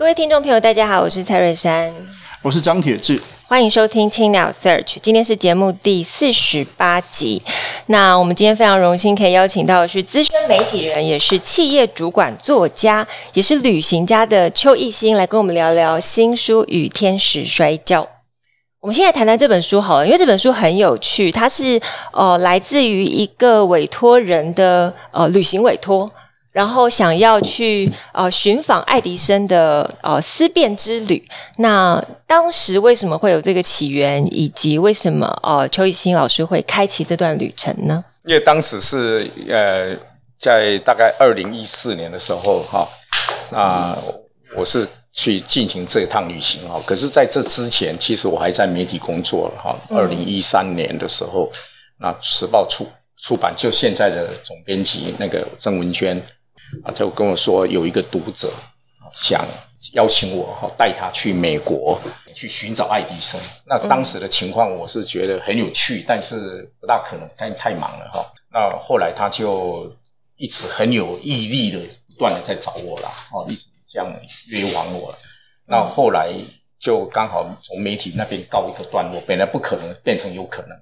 各位聽眾朋友，大家好，我是蔡瑞珊，我是張鐵志，歡迎收聽青鳥 Search，今天是節目第四十八集。那我們今天非常榮幸可以邀請到的是資深媒體人，也是企業主管、作家，也是旅行家的邱一新來跟我們聊聊新書《與天使摔跤》。我們先來談談這本書好了，因為這本書很有趣，它是呃來自於一個委託人的呃旅行委託。然後想要去呃尋訪愛迪生的呃思辨之旅。那當時為什麼會有這個起源，以及為什麼哦、呃、邱一新老師會開啟這段旅程呢？因為當時是呃在大概二零一四年的時候哈，那、哦呃嗯、我是去進行這一趟旅行哈、哦。可是在這之前，其實我還在媒體工作了哈。二零一三年的時候，嗯、那時報出出版，就現在的總編輯那個曾文娟。啊，他就跟我說有一個讀者想邀請我哈，帶他去美國去尋找愛迪生。那當時的情況我是覺得很有趣，嗯、但是不大可能，因為太忙了哈。那後來他就一直很有毅力的，不斷的在找我了，哦，一直這樣約我了。那後來就剛好從媒體那邊告一個段落，本來不可能變成有可能，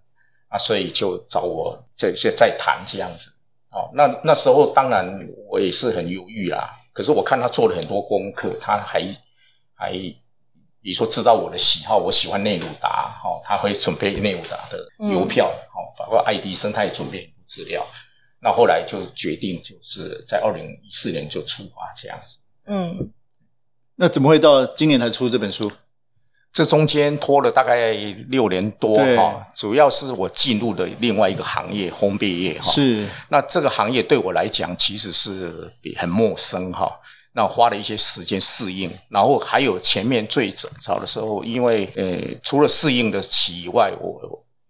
啊，所以就找我就再再談這樣子。哦，那那時候當然我也是很猶豫啦。可是我看他做了很多功課，他還還，比如說知道我的喜好，我喜歡內魯達，哈、哦，他會準備內魯達的郵票，哈、嗯哦，包括愛迪生他準備資料。那後來就決定就是在二零一四年就出發這樣子。嗯,嗯，那怎麼會到今年才出這本書？這中間拖了大概六年多哈，對主要是我進入的另外一個行業烘焙對業哈。是，那這個行業對我來講其實是很陌生哈，那我花了一些時間適應。然後還有前面最早的時候，因為呃除了適應的期以外，我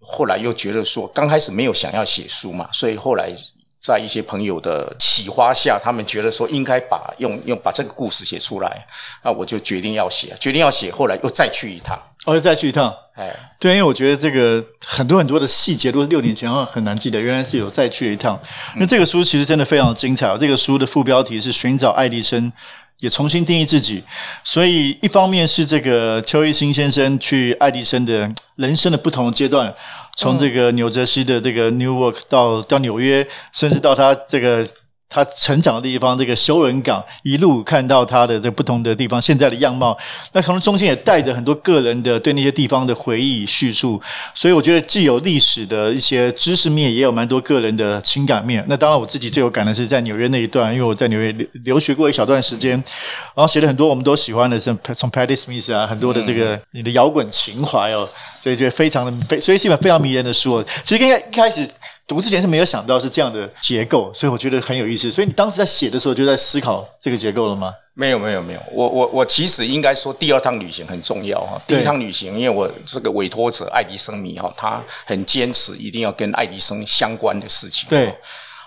後來又覺得說剛開始沒有想要寫書嘛，所以後來。在一些朋友的啟發下，他們覺得說應該把用用把這個故事寫出來，那我就決定要寫，決定要寫，後來又再去一趟，我且、哦、再去一趟，哎，對，因為我覺得這個很多很多的細節都是六年前啊很難記得，原來是有再去一趟。那、嗯、這個書其實真的非常精彩，哦，這個書的副標題是尋找愛迪生，也重新定義自己。所以一方面是這個邱一新先生去愛迪生的人生的不同的階段。從這個紐澤西的這個 Newark 到、嗯、到紐約，甚至到他這個他成長的地方這個休倫港，一路看到他的在不同的地方現在的樣貌，那可能中間也帶着很多個人的對那些地方的回憶敘述。所以我覺得既有歷史的一些知識面，也有蠻多個人的情感面。那當然我自己最有感的是在紐約那一段，因為我在紐約留學過一小段時間，然後寫了很多我們都喜歡的，像從 Patty Smith 啊，很多的這個你的搖滾情懷哦。所以覺得非常的非，所以是一本非常迷人的書哦。其實跟一開始讀之前是沒有想到是這樣的結構，所以我覺得很有意思。所以你當時在寫的時候就在思考這個結構了嗎？沒有，沒有，沒有。我我我其實應該說，第二趟旅行很重要哈。第一趟旅行，因為我這個委託者愛迪生迷哈，他很堅持一定要跟愛迪生相關的事情。對。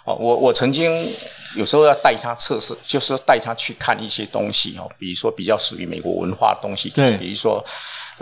哦，我我曾經有時候要帶他測試，就是帶他去看一些東西哈，比如說比較屬於美國文化的東西，對，比如說。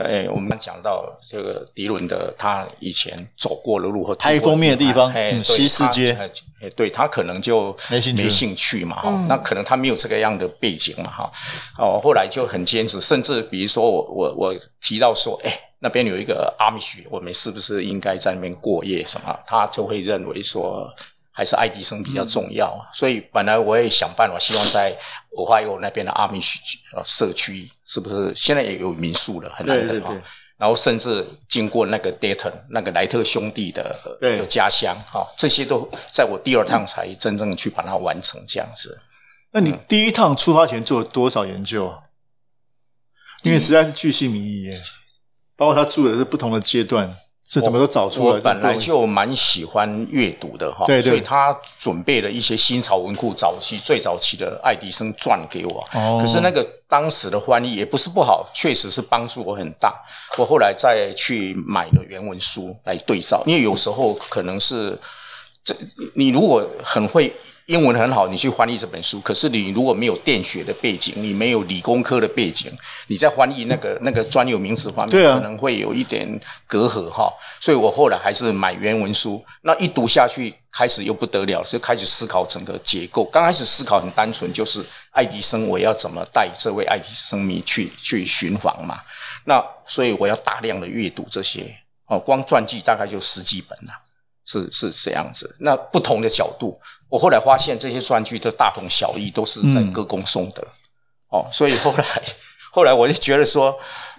哎，我們講到這個迪倫的，他以前走過的路和拍封面的地方，西四街，哎，對他可能就沒興趣嘛，哈。興趣那可能他沒有這個樣的背景嘛，哈。嗯、哦，後來就很堅持，甚至比如說我我我提到說，哎，那邊有一個阿米許，我們是不是應該在那邊過夜什麼？他就會認為說還是愛迪生比較重要，嗯、所以本來我也想辦法，希望在 Ohio 那邊的阿米什社區，是不是現在也有民宿了？很難得、哦、然後甚至經過那個 Dayton、那個萊特兄弟的家鄉對、哦、這些都在我第二趟才真正去把它完成這樣子。那你第一趟出發前做了多少研究？嗯、因為實在是巨細靡遺耶，包括他住的是不同的階段。是怎麼都找出來的。我本來就蠻喜歡閱讀的哈，對對，所以他準備了一些新潮文庫早期最早期的愛迪生傳給我。哦、可是那個當時的翻譯也不是不好，確實是幫助我很大。我後來再去買了原文書來對照，因為有時候可能是這你如果很會。英文很好，你去翻譯這本書。可是你如果沒有電學的背景，你沒有理工科的背景，你在翻譯那個那個專有名詞方面、啊、可能會有一點隔閡哈。所以我後來還是買原文書，那一讀下去，開始又不得了，就開始思考整個結構。剛開始思考很單純，就是愛迪生，我要怎麼帶這位愛迪生迷去去尋訪嘛？那所以我要大量的閱讀這些哦，光傳記大概就十幾本了、啊，是是這樣子。那不同的角度。我後來發現這些傳記都大同小異，都是在歌功頌德，嗯、哦，所以後來後來我就覺得說，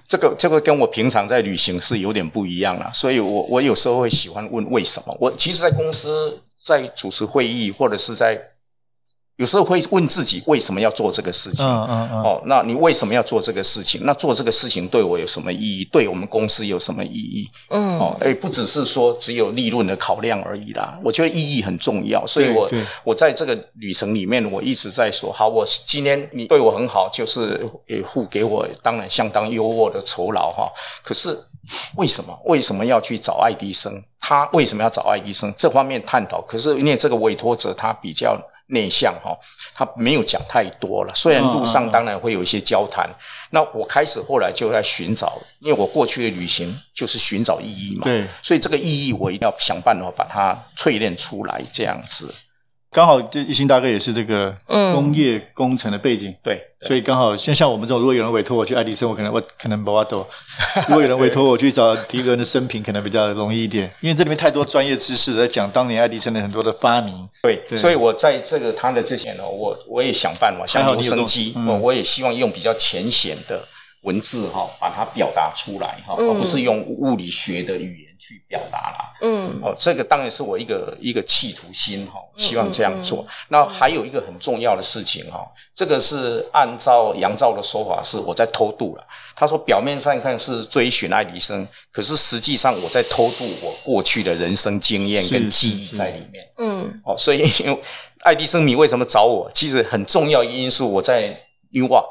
這個這個跟我平常在旅行是有點不一樣了、啊，所以我我有時候會喜歡問為什麼。我其實，在公司在主持會議或者是在。有時候會問自己為什麼要做這個事情？嗯嗯嗯、哦，那你為什麼要做這個事情？那做這個事情對我有什麼意義？對我們公司有什麼意義？嗯，哦，哎、欸，不只是說只有利潤的考量而已啦。我覺得意義很重要，所以我我在這個旅程裡面，我一直在說：好，我今天你對我很好，就是付、欸、給我當然相當優渥的酬勞哈、哦。可是為什麼？為什麼要去找愛迪生？他為什麼要找愛迪生？這方面探討。可是因為這個委託者他比較內向哈，他沒有講太多了。雖然路上當然會有一些交談，哦、啊啊啊，那我開始後來就在尋找，因為我過去的旅行就是尋找意義嘛。對所以這個意義我一定要想辦法把它淬煉出來，這樣子。剛好就一新大哥也是這個嗯工業工程的背景，嗯、對，對，所以剛好像像我們這種，如果有人委托我去愛迪生，我可能我可能不挖到；如果有人委托我去找迪仁的生平，可能比較容易一點，因為這裡面太多專業知識在講當年愛迪生的很多的發明，對，對，所以我在這個他的之前呢，我我也想辦法想要生機，我、嗯、我也希望用比較淺顯的文字哈，把它表達出來哈，嗯、而不是用物理學的語言。去表達啦。嗯，哦，這個當然是我一個一個企圖心哈，希望這樣做。嗯嗯嗯，那還有一個很重要的事情哈，這個是按照楊照的說法，是我在偷渡了。他說，表面上看是追尋愛迪生，可是實際上我在偷渡我過去的人生經驗跟記憶在裡面。是是是嗯，哦，所以因為愛迪生，你為什麼找我？其實很重要因素我在 Newark，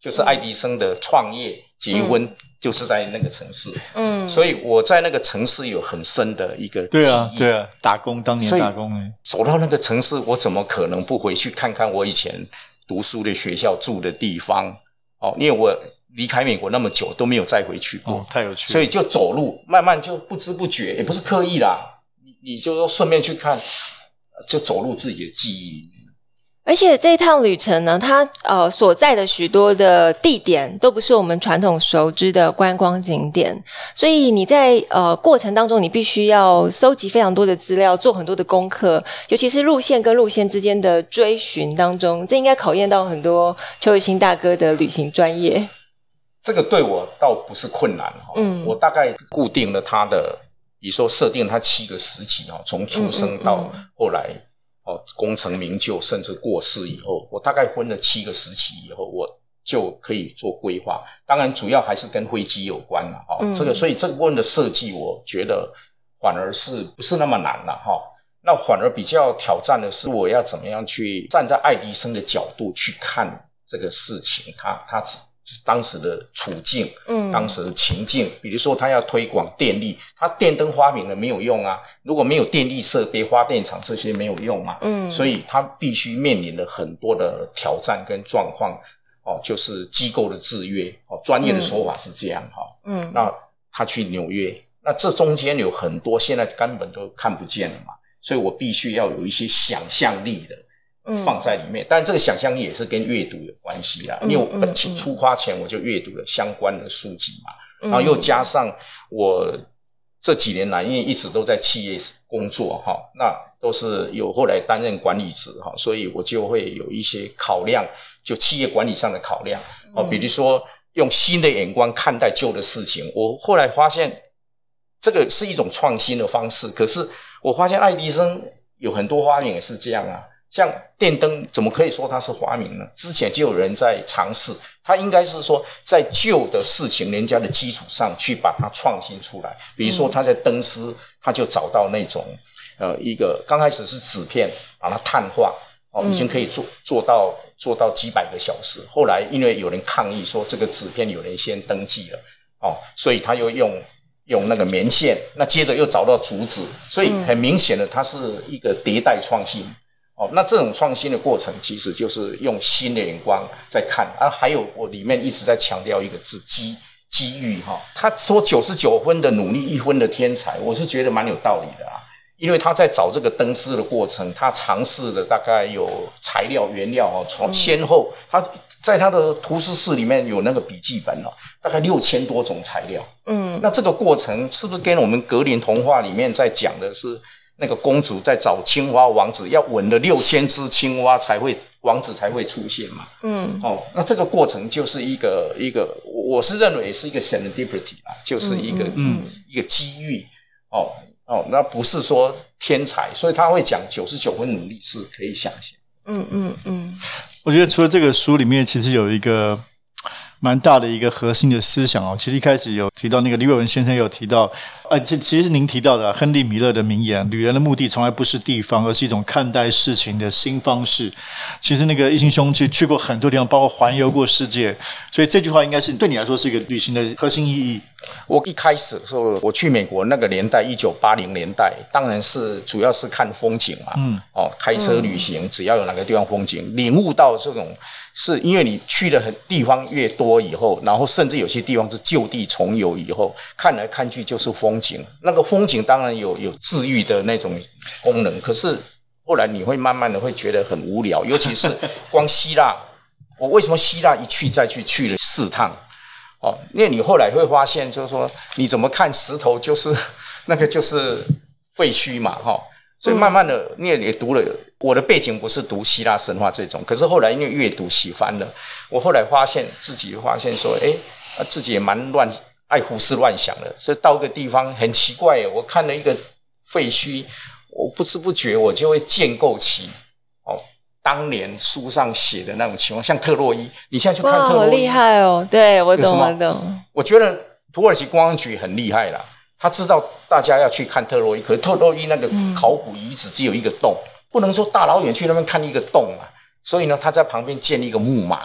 就是愛迪生的創業、結婚。嗯就是在那個城市，嗯，所以我在那個城市有很深的一個記憶，對啊，對啊，打工，當年打工哎，走到那個城市，我怎麼可能不回去看看我以前讀書的學校住的地方？哦，因為我離開美國那麼久都沒有再回去過，哦，太有趣，所以就走路慢慢就不知不覺，也不是刻意啦，你你就說順便去看，就走入自己的記憶。而且這趟旅程呢，它呃所在的許多的地點都不是我們傳統熟知的觀光景點，所以你在呃過程當中，你必須要收集非常多的資料，做很多的功課，尤其是路線跟路線之間的追尋當中，這應該考驗到很多邱一新大哥的旅行專業。這個對我倒不是困難哈，嗯，我大概固定了他的，比如說設定他七個時期哦，從出生到後來。嗯嗯嗯功成名就，甚至過世以後，我大概分了七個時期以後，我就可以做規劃。當然，主要還是跟飛機有關了啊。哦嗯、這個，所以這個問題的設計，我覺得反而是不是那麼難了哈、哦。那反而比較挑戰的是，我要怎麼樣去站在愛迪生的角度去看這個事情？他他當時的處境，嗯，當時的情境，嗯、比如說他要推廣電力，他電燈發明了沒有用啊，如果沒有電力設備、發電廠這些沒有用嘛，嗯，所以他必須面臨了很多的挑戰跟狀況，哦，就是機構的制約，哦，專業的說法是這樣哈，嗯，哦、嗯那他去紐約，那這中間有很多現在根本都看不見了嘛，所以我必須要有一些想象力的。放在裡面，嗯、但這個想象力也是跟閱讀有關係啦、啊。嗯嗯、因為我本起出發前我就閱讀了相關的書籍嘛，嗯、然後又加上我這幾年來，因為一直都在企業工作哈，那都是有後來擔任管理職哈，所以我就會有一些考量，就企業管理上的考量哦，比如說用新的眼光看待舊的事情，我後來發現這個是一種創新的方式，可是我發現愛迪生有很多發明也是這樣啊。像電燈怎麼可以說它是發明呢？之前就有人在嘗試，它應該是說在舊的事情人家的基礎上去把它創新出來。比如說，他在燈絲，他就找到那種呃一個剛開始是紙片，把它碳化哦，已經可以做做到做到幾百個小時。後來因為有人抗議說這個紙片有人先登記了哦，所以他又用用那個棉線，那接着又找到竹子，所以很明顯的它是一個迭代創新。哦，那這種創新的過程其實就是用新的眼光在看啊。還有我裡面一直在強調一個字機機遇哈、哦。他說九十九分的努力，一分的天才，我是覺得蠻有道理的啊。因為他在找這個燈絲的過程，他嘗試的大概有材料原料哦，從先後、嗯、他在他的圖書室裡面有那個筆記本了、哦，大概六千多種材料。嗯，那這個過程是不是跟我們格林童話裡面在講的是？那個公主在找青蛙王子，要吻了六千隻青蛙才會王子才會出現嘛。嗯，哦，那這個過程，就是一個一個，我我是認為是一個 serendipity 啊，就是一個、嗯嗯、一個機遇。哦哦，那不是說天才，所以他會講九十九分努力是可以想象，嗯。嗯嗯嗯，我覺得除了這個書裡面，其實有一個，蠻大的一個核心的思想哦，其實一開始有提到那個李偉文先生有提到，呃，其其實您提到的、啊、亨利米勒的名言：旅人的目的從來不是地方，而是一種看待事情的新方式。其實那個一新兄去去過很多地方，包括環遊過世界，所以這句話應該是對你來說是一個旅行的核心意義。我一開始的時候我去美國那個年代，一九八零年代，當然是主要是看風景嘛、啊，嗯，哦，開車旅行，嗯、只要有哪個地方風景，領悟到這種。是因為你去的很地方越多以後，然後甚至有些地方是舊地重遊以後，看來看去就是風景。那個風景當然有有治癒的那種功能，可是後來你會慢慢的會覺得很無聊，尤其是光希臘。我、 哦、為什麼希臘一去再去去了四趟？哦，因為你後來會發現，就是說你怎麼看石頭就是那個就是廢墟嘛，哈、哦。所以慢慢的，你也讀了我的背景，不是讀希臘神話這種。可是後來因為閱讀喜歡了，我後來發現自己發現說，哎、啊，自己也蠻亂，愛胡思亂想的。所以到一個地方很奇怪，我看了一個廢墟，我不知不覺我就會建構起哦，當年書上寫的那種情況，像特洛伊。你現在去看特洛伊，好厲害哦！對我懂我懂。我懂，我覺得土耳其觀光局很厲害啦。他知道大家要去看特洛伊，可是特洛伊那個考古遺址只有一個洞，嗯、不能說大老遠去那邊看一個洞啊。所以呢，他在旁邊建立一個木馬，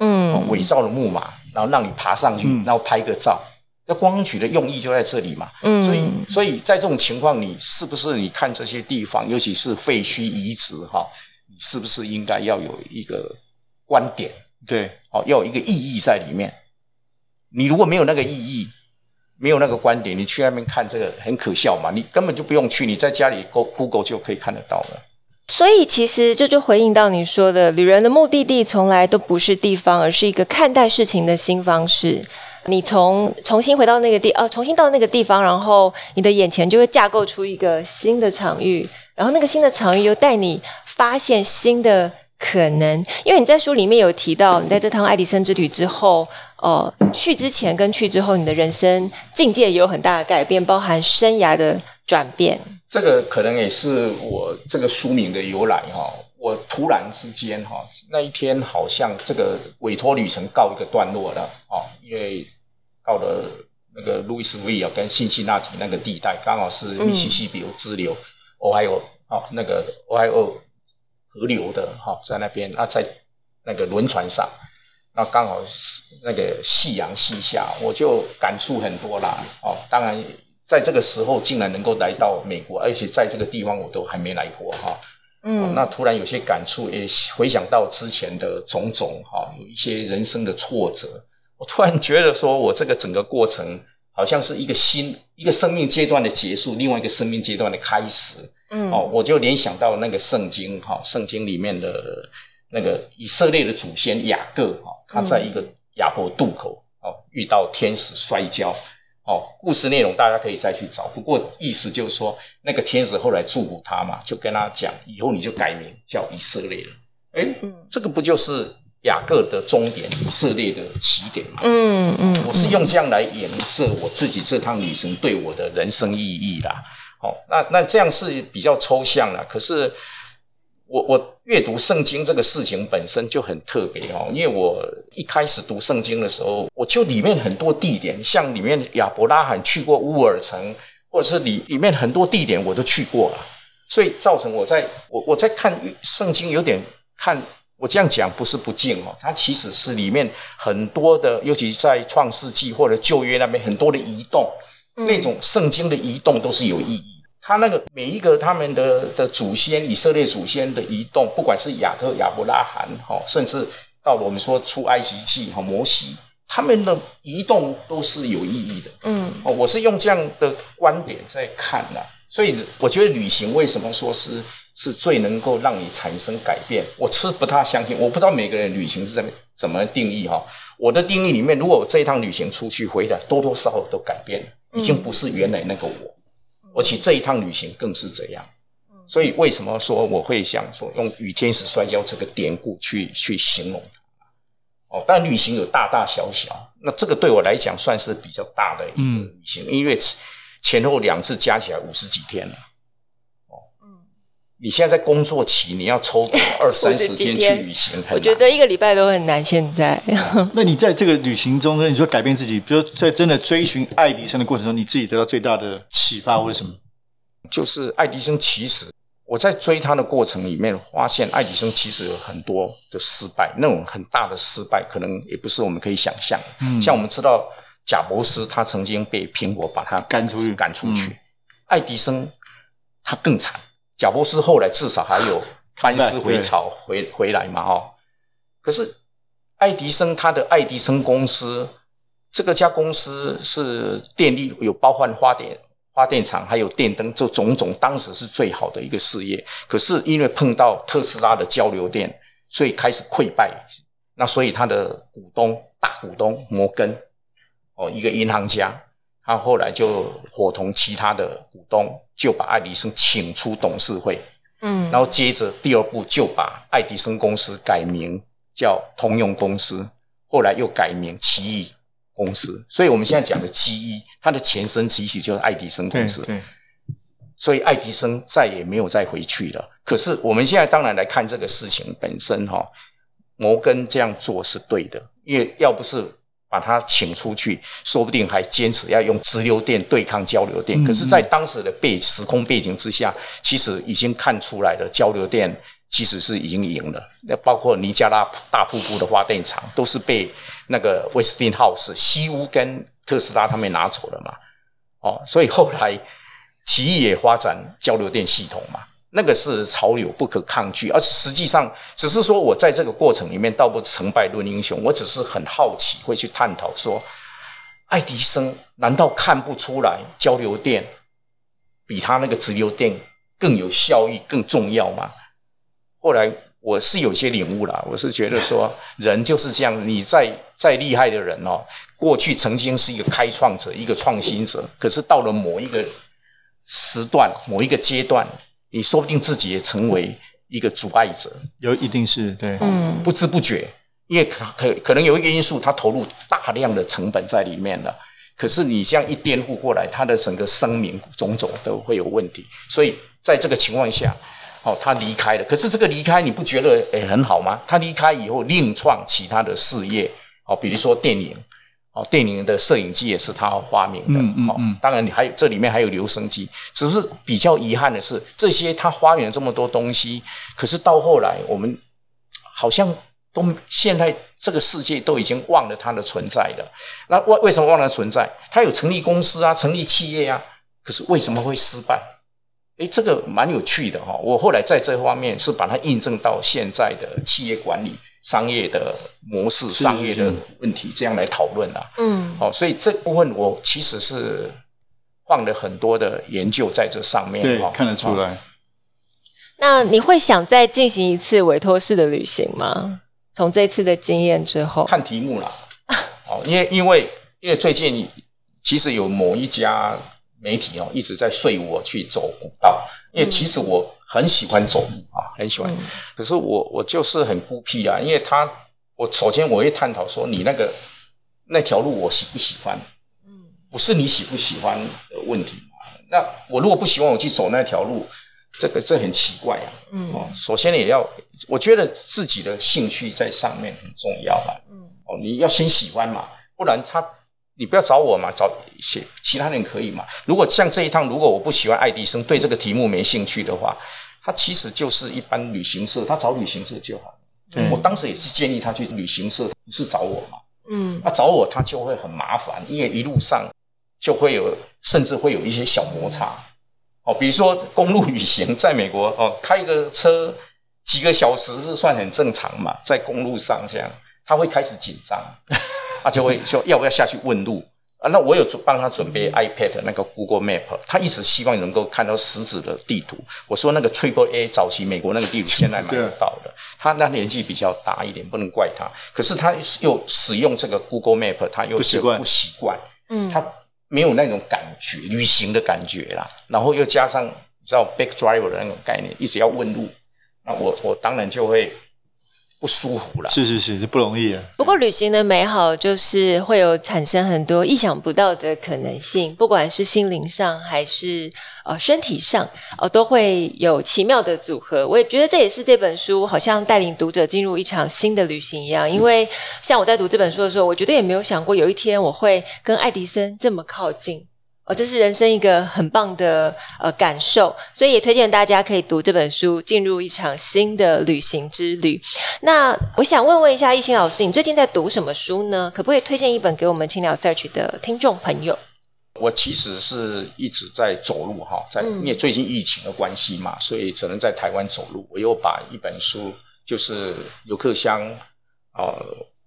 嗯，偽造的木馬，然後讓你爬上去，嗯、然後拍個照。那光曲的用意就在這裡嘛。嗯，所以，所以在這種情況，你是不是你看這些地方，尤其是廢墟遺址哈，你是不是應該要有一個觀點？對，哦，要有一個意義在裡面。你如果沒有那個意義，沒有那個觀點，你去外面看這個很可笑嘛？你根本就不用去，你在家裡 Go Google 就可以看得到了。所以其實這就回應到你說的，旅人的目的地從來都不是地方，而是一個看待事情的新方式。你從重新回到那個地，呃、啊，重新到那個地方，然後你的眼前就會架構出一個新的場域，然後那個新的場域又帶你發現新的可能。因為你在書裡面有提到，你在這趟愛迪生之旅之後。哦，去之前跟去之後，你的人生境界有很大的改變，包含生涯的轉變。這個可能也是我這個書名的由來哈、哦。我突然之間哈、哦，那一天好像這個委托旅程告一個段落了啊、哦，因為到了那個路易斯維爾跟辛辛那提那個地帶，剛好是密西西比河支流 Ohio，那個 Ohio 河流的哈、哦，在那邊啊，在那個輪船上。那剛好是那個夕陽西下，我就感觸很多啦。哦，當然在這個時候，竟然能夠來到美國，而且在這個地方我都還沒來過哈。哦、嗯、哦，那突然有些感觸，也回想到之前的種種哈，有、哦、一些人生的挫折，我突然覺得說，我這個整個過程好像是一個新一個生命階段的結束，另外一個生命階段的開始。嗯，哦，我就聯想到那個聖經哈、哦，聖經裡面的那個以色列的祖先雅各哈。他在一個雅博渡口哦，嗯、遇到天使摔跤哦，故事內容大家可以再去找，不過意思就是說，那個天使後來祝福他嘛，就跟他講，以後你就改名叫以色列了。哎，嗯、這個不就是雅各的終點，以色列的起點嗎？嗯嗯，嗯嗯我是用這樣來演繹我自己這趟旅程對我的人生意義啦。哦、那那這樣是比較抽象啦，可是。我我閱讀聖經這個事情本身就很特別哦，因為我一開始讀聖經的時候，我就裡面很多地點，像裡面亞伯拉罕去過烏爾城，或者是裡裡面很多地點我都去過了，所以造成我在我我在看聖經有點看，我這樣講不是不敬哦，它其實是裡面很多的，尤其在創世紀或者舊約那邊很多的移動，那種聖經的移動都是有意義。他那個每一個他們的的祖先、以色列祖先的移動，不管是亞克亞伯拉罕哈，甚至到了我們說出埃及記哈摩西，他們的移動都是有意義的。嗯，我是用這樣的觀點在看的啊，所以我覺得旅行為什麼說是是最能夠讓你產生改變？我是不太相信，我不知道每個人旅行是怎怎麼定義哈啊。我的定義裡面，如果我這一趟旅行出去回來，多多少少都改變了，已經不是原來那個我。嗯而且這一趟旅行更是這樣，所以為什麼說我會想說用與天使摔跤這個典故去去形容它？哦，但旅行有大大小小，那這個對我來講算是比較大的一個旅行，因為前後兩次加起來五十幾天了。你現在在工作期，你要抽二三十天去旅行很難。 我，我覺得一個禮拜都很難。現在， 那你在這個旅行中呢？你說改變自己，比如在真的追尋愛迪生的過程中，你自己得到最大的啟發為、嗯、什麼？就是愛迪生其實我在追他的過程裡面，發現愛迪生其實有很多的失敗，那種很大的失敗，可能也不是我們可以想象的。嗯，像我們知道賈伯斯，他曾經被蘋果把他趕出去，趕出去。嗯、愛迪生他更慘。賈伯斯後來至少還有班師回朝回，對對對，回回來嘛。哦，可是愛迪生他的愛迪生公司這個家公司是電力有包含發電發電廠，還有電燈，這種種當時是最好的一個事業。可是因為碰到特斯拉的交流電，所以開始潰敗。那所以他的股東大股東摩根哦，一個銀行家，他後來就夥同其他的股東。就把愛迪生請出董事會，嗯，然後接着第二步就把愛迪生公司改名叫通用公司，後來又改名奇異公司。所以，我們現在講的奇異，它的前身其實就是愛迪生公司。對，所以愛迪生再也沒有再回去了。可是，我們現在當然來看這個事情本身哈、哦，摩根這樣做是對的，因為要不是。把他請出去，說不定還堅持要用直流電對抗交流電。嗯嗯，可是，在當時的背時空背景之下，其實已經看出來了，交流電其實是已經贏了。那包括尼加拉大瀑布的發電廠，都是被那個威斯汀豪斯、西屋跟特斯拉他們拿走了嘛。哦，所以後來奇異也發展交流電系統嘛。那個是潮流不可抗拒，而實際上只是說，我在這個過程裡面倒不是成敗論英雄，我只是很好奇，會去探討說，愛迪生難道看不出來交流電比他那個直流電更有效益，更重要嗎？後來我是有些領悟了，我是覺得說，人就是這樣，你再再厲害的人哦，過去曾經是一個開創者、一個創新者，可是到了某一個時段、某一個階段。你說不定自己也成為一個阻礙者，有一定是對，嗯，不知不覺，因為可，可能有一個因素，他投入大量的成本在裡面了，可是你這樣一顛覆過來，他的整個生命種種都會有問題，所以在這個情況下，哦，他離開了，可是這個離開你不覺得、哎、很好嗎？他離開以後另創其他的事業，哦，比如說電影。哦，電影的攝影機也是他發明的。嗯嗯嗯。嗯嗯，當然，你還有這裡面還有留聲機，只是比較遺憾的是，這些他發明了這麼多東西，可是到後來我們好像都現在這個世界都已經忘了他的存在了。那為為什麼忘了存在？他有成立公司啊，成立企業啊，可是為什麼會失敗？誒，這個蠻有趣的哈、哦。我後來在這方面是把它印證到現在的企業管理。商業的模式，商業的問題，這樣來討論了。嗯，好、哦，所以這部分我其實是放了很多的研究在這上面。對，哦、看得出來。那你會想再進行一次委託式的旅行嗎？從這次的經驗之後。看題目啦， 因為因為因為最近其實有某一家。媒體哦一直在說我去走古道，因為其實我很喜歡走路，嗯、啊，很喜歡。可是我我就是很孤僻啊，因為他我首先我會探討說你那個那條路我喜不喜歡，不是你喜不喜歡的問題，那我如果不喜歡我去走那條路，這個這很奇怪啊。嗯、啊。首先也要我覺得自己的興趣在上面很重要啊嗯。哦，你要先喜歡嘛，不然他。你不要找我嘛，找一些其他人可以嘛。如果像這一趟，如果我不喜歡愛迪生，嗯、對這個題目沒興趣的話，他其實就是一般旅行社，他找旅行社就好了。嗯、我當時也是建議他去旅行社，不是找我嘛。嗯，他、啊、找我，他就會很麻煩，因為一路上就會有，甚至會有一些小摩擦。嗯、哦，比如說公路旅行，在美國哦，開個車幾個小時是算很正常嘛，在公路上這樣，他會開始緊張。 啊，就會就要不要下去問路啊？那我有幫他準備 iPad 那個 Google Map，他一直希望能夠看到實質的地圖。我說那個 Triple A 早期美國那個地圖現在買不到的， 啊、他那年紀比較大一點，不能怪他。可是他又使用這個 Google Map，他又不習慣，嗯，他沒有那種感覺，旅行的感覺啦。然後又加上你知道 Back Driver 的那種概念，一直要問路。那我我當然就會。不舒服了，是是是，這不容易。不過旅行的美好就是會有產生很多意想不到的可能性，不管是心靈上還是呃身體上，呃都會有奇妙的組合。我也覺得這也是這本書好像帶領讀者進入一場新的旅行一樣，因為像我在讀這本書的時候，我絕對也沒有想過有一天我會跟愛迪生這麼靠近。哦，這是人生一個很棒的呃感受，所以也推薦大家可以讀這本書，進入一場新的旅行之旅。那我想問問一下一新老師，你最近在讀什麼書呢？可不可以推薦一本給我們青鳥 search 的聽眾朋友？我其實是一直在走路哈，在因為最近疫情的關係嘛，嗯、所以只能在台灣走路。我又把一本書，就是劉克襄呃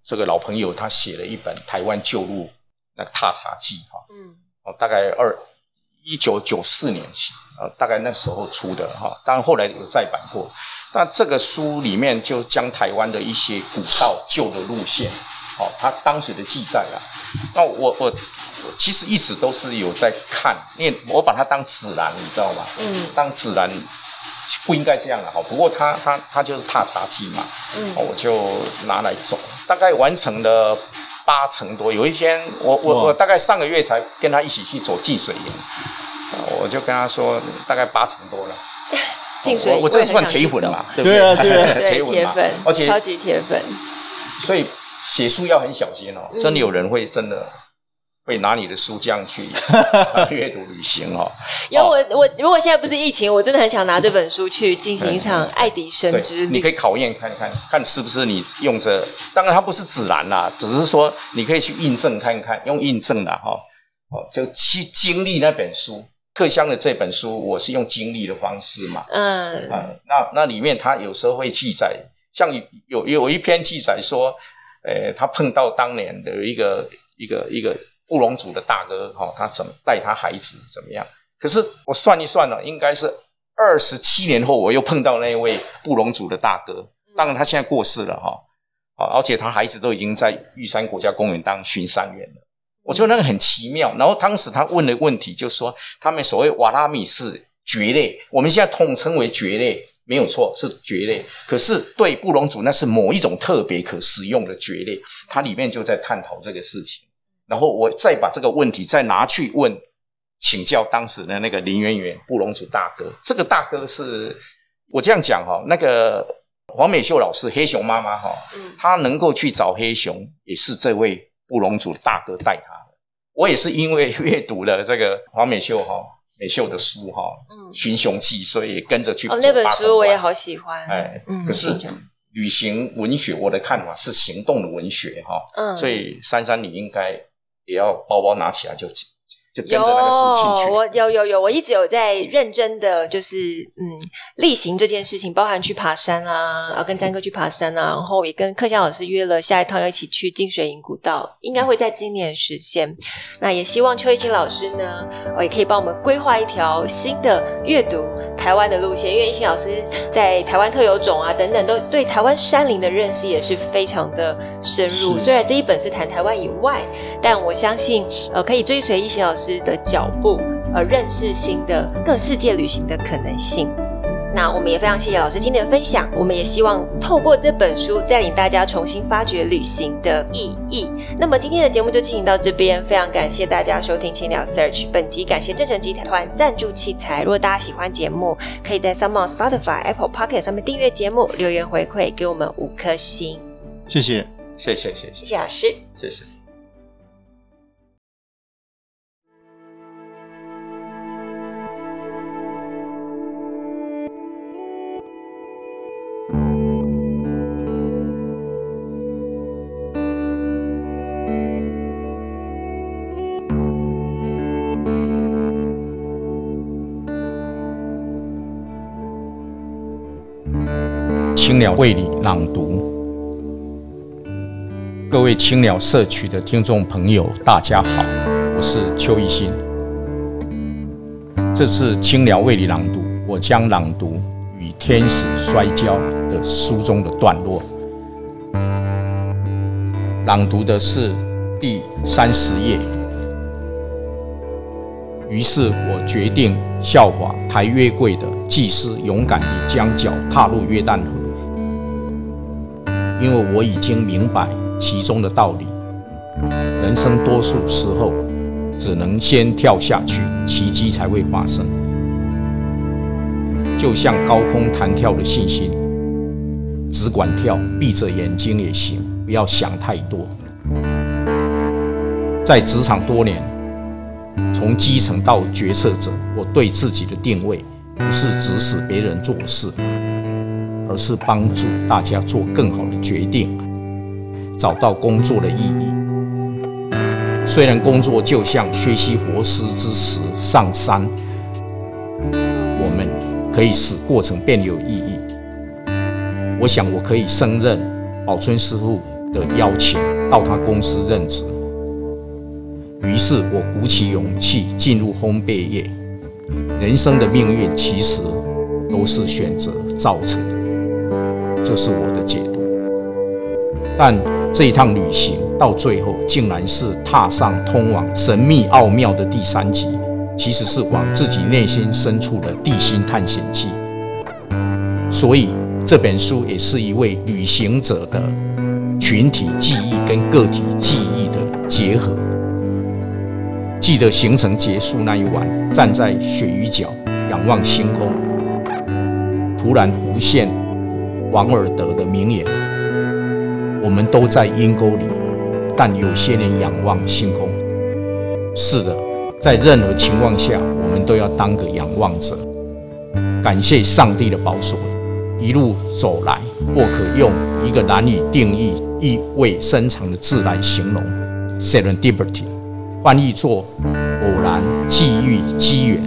這個老朋友他寫了一本《台灣舊路那踏查記》哈，嗯。大概二一九九四年，呃，大概那時候出的哈，當然後來有再版過。那這個書裡面就將台灣的一些古道舊的路線，哦，他當時的記載啊。那我我，我其實一直都是有在看，因為我把它當指南，你知道嗎？嗯。當指南不應該這樣啊，哈。不過他他他就是踏查記嘛，嗯。我就拿來走，大概完成了。八成多，有一天我我我大概上個月才跟他一起去走靜水岩哇我就跟他說，大概八成多了。靜水岩，我這算鐵粉嘛？對啊，對，鐵粉，而且超級鐵粉。所以寫書要很小心哦，喔，嗯，真的有人會真的。會拿你的書這樣去閱讀旅行 哦，有我我如果現在不是疫情，我真的很想拿這本書去進行一場愛迪生之旅。你可以考驗看看看是不是你用着，當然它不是指南啦，只是說你可以去印證看看，用印證啦，啊。哈哦，就去經歷那本書，克襄的這本書，我是用經歷的方式嘛，嗯啊、嗯，那那裡面它有時候會記載，像有有，有一篇記載說，呃、欸，他碰到當年的一個一個一個。一個布農族的大哥哈、哦，他怎麼帶他孩子怎麼樣？可是我算一算呢，應該是二十七年後，我又碰到那位布農族的大哥。當然他現在過世了哈，啊、哦，而且他孩子都已經在玉山國家公園當巡山員了。我覺得那個很奇妙。然後當時他問的問題就是說，他們所謂瓦拉米是蕨類，我們現在統稱為蕨類，沒有錯是蕨類。可是對布農族那是某一種特別可食用的蕨類，它裡面就在探討這個事情。然後我再把這個問題再拿去問，請教當時的那個林媛媛布隆祖大哥。這個大哥是，我這樣講哈、哦，那個黃美秀老師黑熊媽媽哈、哦，他、嗯、她能夠去找黑熊，也是這位布隆祖大哥帶她的。我也是因為閱讀了這個黃美秀哈、哦、美秀的書哈、哦，嗯、《尋熊記》，所以跟着去。哦，那本書我也好喜歡。哎，可、嗯、是。懂旅行文學，我的看法是行動的文學哈、哦。嗯、所以珊珊，你應該。也要包包拿起來就。有，我有有有，我一直有在認真的，就是嗯，例行這件事情，包含去爬山啊，跟詹哥去爬山啊， 然後也跟克強老師約了下一趟要一起去浸水營古道，應該會在今年實現。那也希望邱一新老師呢，哦、也可以幫我們規劃一條新的閱讀台灣的路線，因為一新老師在台灣特有種啊等等，都對台灣山林的認識也是非常的深入。是雖然這一本是談台灣以外，但我相信呃，可以追隨一新老師。的腳步，而認識新的各世界旅行的可能性。那我們也非常謝謝老師今天的分享。我們也希望透過這本書帶領大家重新發掘旅行的意義。那麼今天的節目就進行到這邊，非常感謝大家收聽青鳥 Search 本集，感謝正成集團贊助器材。如果大家喜歡節目，可以在 summer Spotify、Apple Podcast 上面訂閱節目，留言回饋給我們五顆星。謝謝，謝謝，謝謝，謝謝，謝謝老師，謝謝。鳥為你朗讀，各位青鳥社區的聽眾朋友，大家好，我是邱一新。這次青鳥為你朗讀，我將朗讀《與天使摔跤》的書中的段落。朗讀的是第三十頁。於是，我決定效法抬約櫃的祭司，勇敢地將腳踏入約旦河。因為我已經明白其中的道理，人生多數時候只能先跳下去，奇蹟才會發生。就像高空彈跳的信心，只管跳，閉着眼睛也行，不要想太多。在職場多年，從基層到決策者，我對自己的定位不是指使別人做事。而是幫助大家做更好的決定，找到工作的意義。雖然工作就像薛西弗斯推石上山，我們可以使過程變得有意義。我想我可以勝任寶春師傅的邀請，到他公司任職。於是，我鼓起勇氣進入烘焙業。人生的命運其實都是選擇造成的。這是我的解讀，但這一趟旅行到最後，竟然是踏上通往神秘奧妙的第三集，其實是往自己內心深處的地心探險記。所以這本書也是一位旅行者的群體記憶跟個體記憶的結合。記得行程結束那一晚，站在鱈魚角仰望星空，突然浮現，王爾德的名言：“我們都在陰溝裡，但有些人仰望星空。”是的，在任何情況下，我們都要當個仰望者。感謝上帝的保守，一路走來，我可用一個難以定義、意味深長的字來形容：“serendipity”，翻譯作“偶然、際遇、機緣”，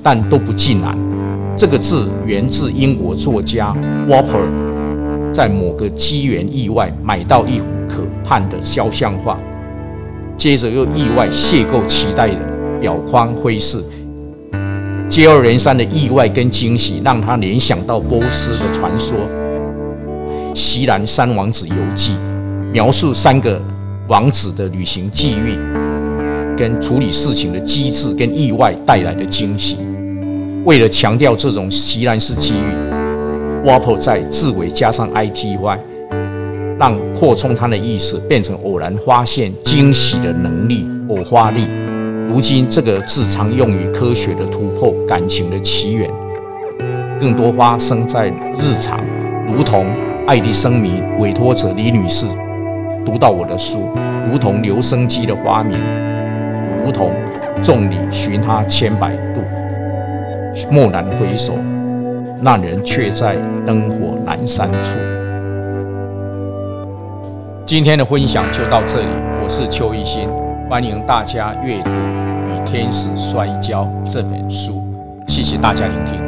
但都不盡然。這個字源自英國作家 Walpole，在某個機緣意外買到一幅可怕的肖像畫，接着又意外邂逅期待的表框徽飾。接二連三的意外跟驚喜，讓他聯想到波斯的傳說《錫蘭三王子遊記》，描述三個王子的旅行際遇，跟處理事情的機制跟意外帶來的驚喜。為了強調這種錫蘭式機遇，Walpole 在字尾加上 ITY，讓擴充它的意思變成偶然發現驚喜的能力，偶發力。如今這個字常用於科學的突破、感情的起源，更多發生在日常，如同愛迪生迷委託者李女士讀到我的書，如同留聲機的發明，如同眾裡尋他千百度。驀然回首，那人卻在燈火闌珊處。今天的分享就到這裡，我是邱一新，歡迎大家閱讀《與天使摔跤》這本書，謝謝大家聆聽。